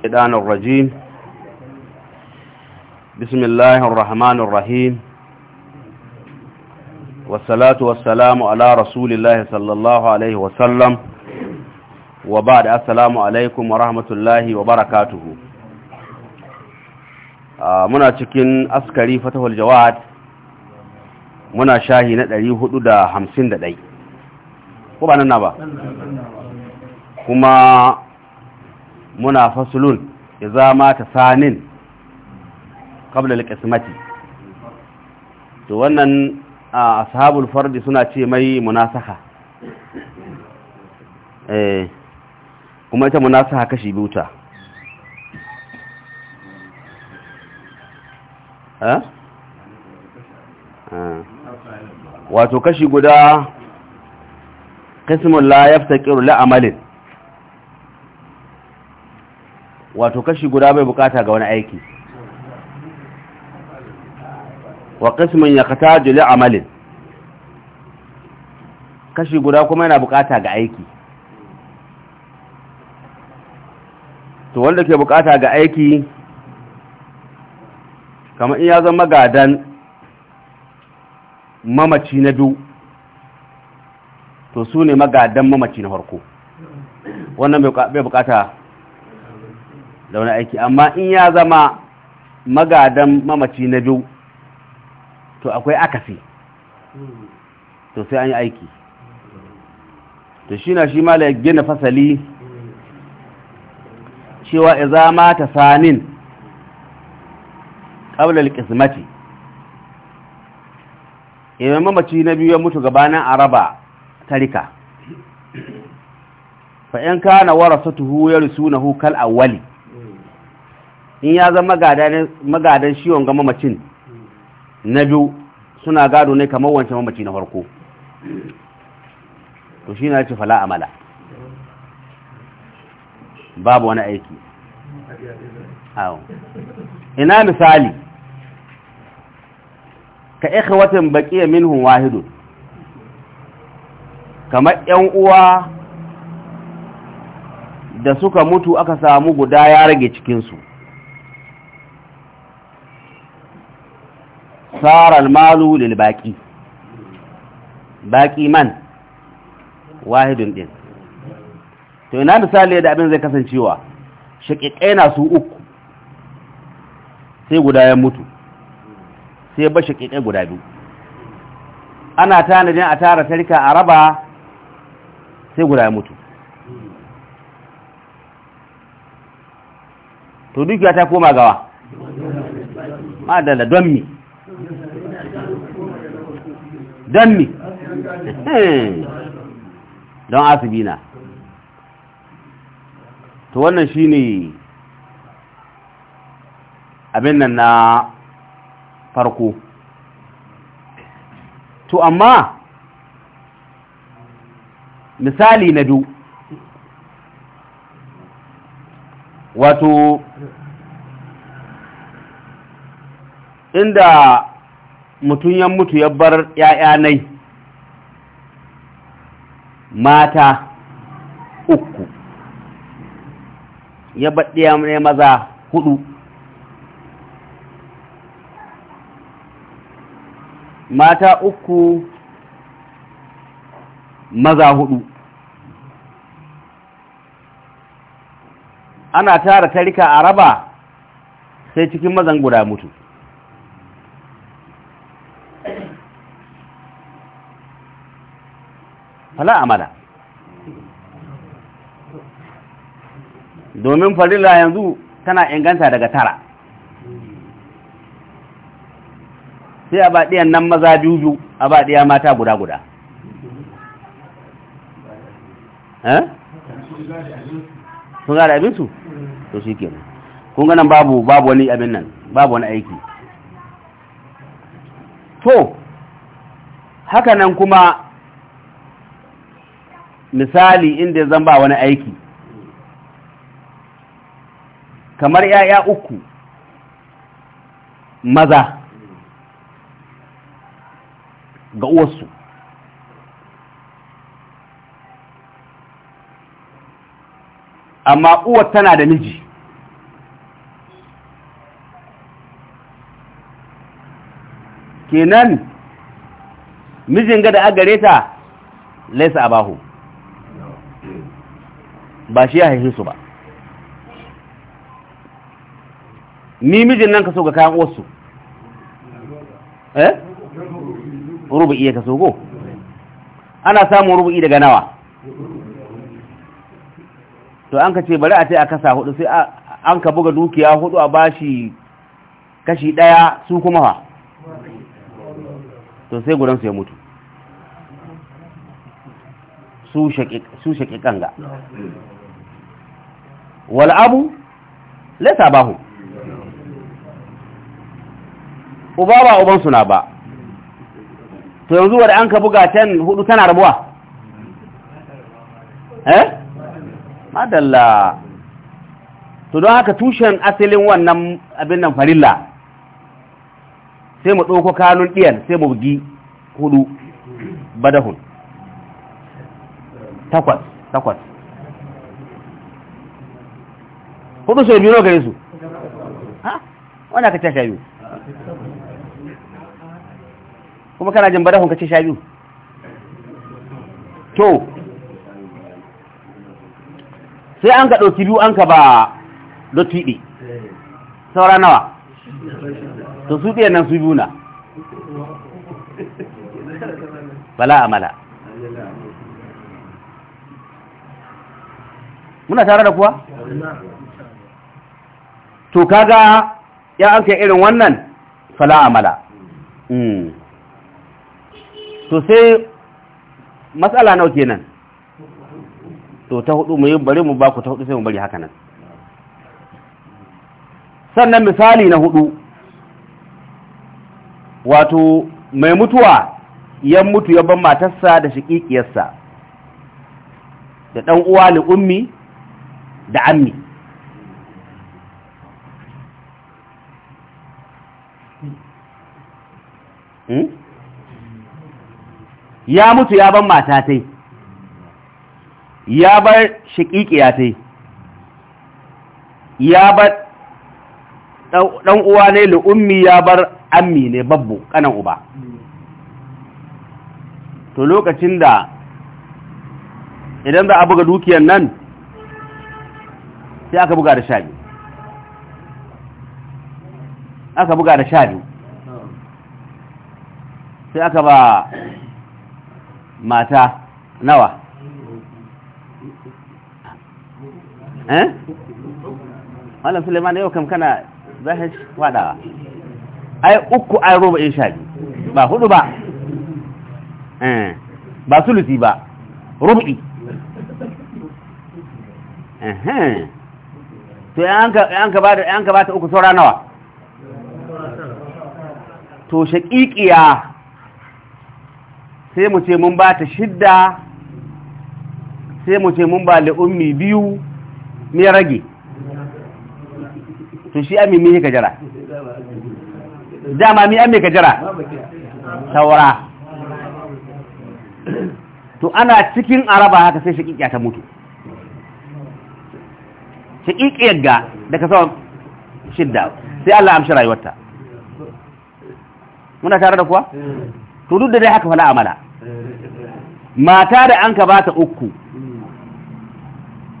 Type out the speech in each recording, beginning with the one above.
الشيطان الرجيم بسم الله الرحمن الرحيم والصلاة والسلام على رسول الله صلى الله عليه وسلم وبعد السلام عليكم ورحمة الله وبركاته muna cikin askari fatahul jawad muna shahi na 451 ko ba nan na ba kuma muna fasulun ya zama ta sanin qabla alqismati to wannan a ashabul fardi suna ce mai munasaha eh kuma ita munasaha kashi buta ta eh? Eh. wato kashi guda qismun la yaftaqiru la la'amalin wato kashi guda bai bukata ga wani aiki wa qismun yaqtaju li amalin kashi guda kuma yana bukata ga aiki to wanda ke bukata ga aiki kama in zama gadan mamaci na du to su ne magadan mamaci na farko wannan bai bukata da wani aiki amma in ya zama magadan mamaci na biyu to akwai akasi to sai an yi aiki to shi na shi mala ya gina fasali cewa iza mata sanin ƙablar ƙismati idan mamaci na biyu ya mutu gabanin araba tarika fa'in kana warasa tuhu ya risu na hukal awali in ya zama magadan shiwon ga mamacin na biyu suna gado ne kamar wancan mamaci na farko to shi na ce fala amala babu wani aiki ina misali ka watan Bakiya minhum wahidun kamar yan uwa da suka mutu aka samu guda ya rage cikin su صار المال للباقي باقي من واحد دين to ina misali da abin zai kasancewa shaƙiƙai na su uku sai guda ya mutu sai ba shaƙiƙai guda biyu ana tanadin a tara tarika a raba sai guda ya mutu to dukiya ta koma gawa madalla don mi don mi don asibina to wannan ne abin nan na farko to amma misali na du wato inda mutum ya mutu ya bar ‘ya'ya nai mata uku ya baɗiya ne maza hudu mata uku maza hudu ana tara tarika a raba sai cikin mazan guda mutu fala amala domin farilla yanzu tana inganta daga tara sai a baɗiyan nan maza biyu a baɗiya mata guda guda eh? sun gada abinsu to shi kenan kun ganin babu wani abin nan babu wani aiki to hakanan kuma misali inda zan ba wani aiki kamar ‘ya'ya uku maza ga uwarsu amma uwar tana da miji kenan mijin ga da agare ta laisa abahu ba shi ya haihin su ba ni mijin nan ka so ga kayan wasu eh rubu'i ya ka so go ana samun rubu'i daga nawa to an ka ce bari a ce a kasa hudu sai an ka buga dukiya hudu a bashi kashi daya su kuma ha to sai gudansu ya mutu su shaƙiƙan ga wal'abu laisa bahu uba ba uban suna ba to yanzu wadda an ka buga can hudu tana rabuwa eh madalla to don haka tushen asalin wannan abin nan farilla sai mu ɗauko kanun ɗiyan sai mu bugi hudu badahun takwas takwas hudu sai biyu gare su ha wanda ka ce sha biyu kuma kana jin badahun ka ce sha biyu to sai an ka ɗauki biyu an ka ba dotiɗi saura nawa to su biyan nan su biyu na bala amala muna tare da kuwa to kaga ya an kai irin wannan fala amala hmm. to sai matsala nau kenan to ta hudu mu yi bari mu baku ta hudu sai mu bari haka nan sannan misali na hudu wato mai mutuwa ya mutu ya ban matarsa da shiƙiƙiyarsa da ɗan uwa li ummi da ammi hmm? ya mutu ya ban mata ta ya bar shiƙiƙiya ta ya bar ɗan uwa ne ummi ya bar ammi ne babbo kanan uba to lokacin da idan za a buga dukiyar nan sai aka buga da sha biyu aka buga da sha biyu sai aka ba mata nawa eh? Malam Suleiman yau kam kana za shi faɗawa ai uku ai roba in sha biyu ba hudu ba eh, ba sulusi ba rubi to yanka ba ta uku saura nawa to shaƙiƙiya sai mu ce mun ba ta shidda sai mu ce mun ba ummi biyu ne rage to shi amin mihi ka jira dama mi amin ka jira saura to ana cikin araba haka sai shaƙiƙiya ta mutu shaƙiƙiyar ga daga saman shidda sai Allah amshi rayuwarta muna tare da kuwa? to duk da dai haka fala amala mata da an ka ba ta uku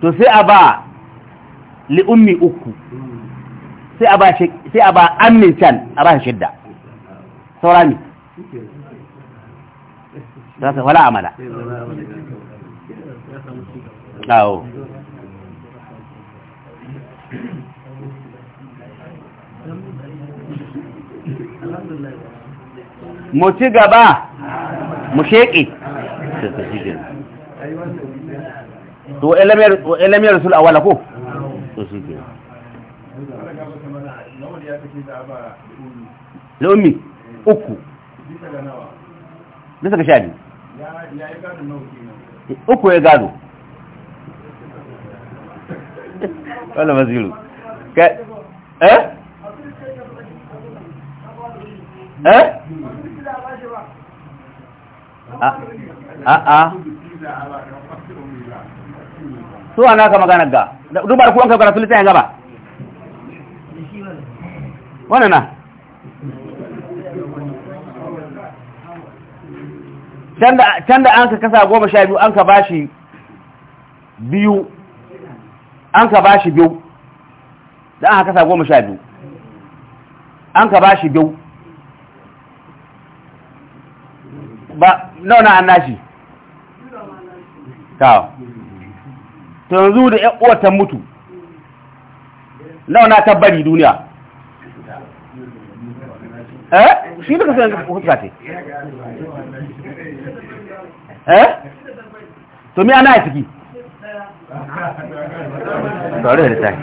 to sai a ba li'ummi uku sai a ba a ba amin can a ba shidda saura ne wala amala awo mu ci gaba mu sheƙi to ilamiyar rasul awala ko la'ummi eh. uku bisa ga uku ya gado wala maziru eh eh ana ka magana ga duba da kuwan ka gaba wane na can da an ka kasa goma sha biyu an ka bashi biyu an ka bashi biyu da an ka kasa goma sha biyu an ka bashi biyu ba nauna an nashi kawo yanzu da ‘yan uwar mutu nauna ta bari duniya eh shi da kasan huska ce eh to me ana ciki tare da tai